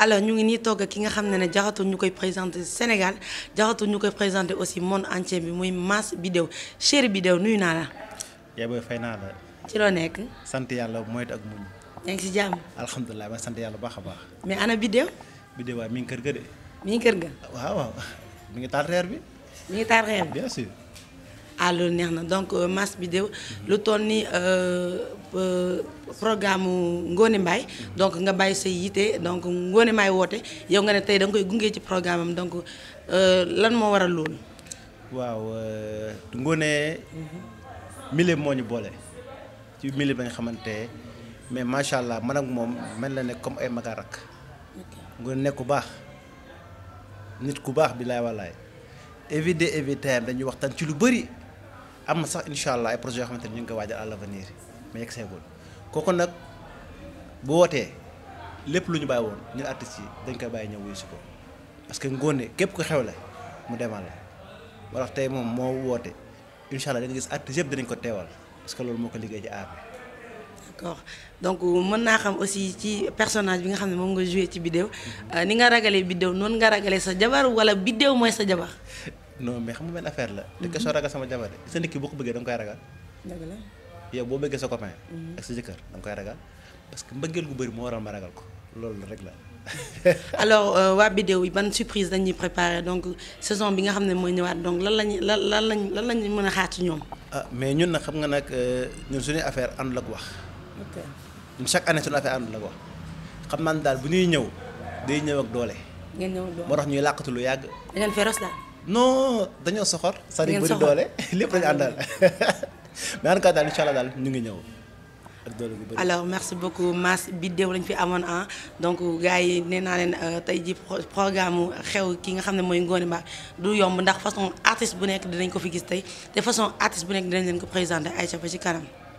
alors ñu ngi nii togg ki nga xam ne ne jaxatul ñu koy présenté Sénégal jaxatul ñu koy présenté aussi monde entier bi muy Mass Bidew Chéri Bidew nuyu naa la. yaa fay naa la. ci loo nekk. sant yàlla moytu ak muñ. yaa ngi si jàmm. alhamdulilah ma sant yàlla baax a baax. mais ana Bidew. Bidew waaye mi kër ga de. mi kër ga. waaw waaw mi ngi taal reer bi. mi ngi taal reer bi bien sûr. à neex na donc euh, mass vidéo le lu toll euh, euh, programme Ngone donc nga bàyyi sa donc Ngone Mbaye il yow nga ne tey da koy gunge ci programme donc euh, lan moo waral loolu. waaw Ngone. mille moo ñu boole. ci mille ba nga mais machallah, allah man ak mel na comme ay magarak Ngone nekk nit ku baax bi laay éviter éviter dañuy waxtaan ci lu bëri. am na sax incha allah ay projets yoo xamante ne ñu ngi ko waajal à l'avenir mais yegg seegul kooku nag bu wootee lépp lu ñu bàyyi woon ñun artistes yi dañ koy bàyyi ñëw wuyu si ko parce que ngóone képp ko xew la mu demal la wala tey moom moo woote incha allah gis artistes yëpp dañ ko teewal parce que loolu moo ko liggéey ci aar bi donc mën naa xam aussi ci personnage bi nga xam ne moom nga joué ci biddéew mm-hmm. euh, ni nga ragalee biddéew noonu nga ragalee sa jabar wala biddéew mooy sa jabar non mais xam nga benn affaire la te question mhm. ragal sama jabar sa nga nit ki boo ko bëggee da nga koy ragal dëgg la yow boo bëggee sa copain mhm. ak sa jëkkër da nga koy ragal parce que mbëggeel gu bëri moo waral ma ragal ko loolu la rek la alors euh, waa vidéo yi ban surprise lañuy préparé donc saison bi nga xam ne mooy ñëwaat donc lan lañ lan lañ lan lañ mën a xaar ci ñoom ah mais ñun nag xam nga nag euh, ñun suñu affaire and ak wax ñun chaque année suñu affaire and ak wax xam naa daal bu ñuy ñëw day ñëw ak doole ngeen ñëw ak doole moo tax ñuy làqatu lu yàgg da ngeen féroce daal non dañoo soxor. sa di bëri doole lépp dañu àndal mais en tout cas daal incha daal ñu ngi ñëw. alors merci beaucoup Mass Bidew lañ fi amoon ah donc gars yi nee naa leen euh, tey ji programme xew ki nga xam ne mooy Ngoné Mbacké du yomb ndax façon artiste bu nekk dinañ ko fi gis tey te façon artiste bu nekk dinañ leen ko présenté ay ca ci kanam.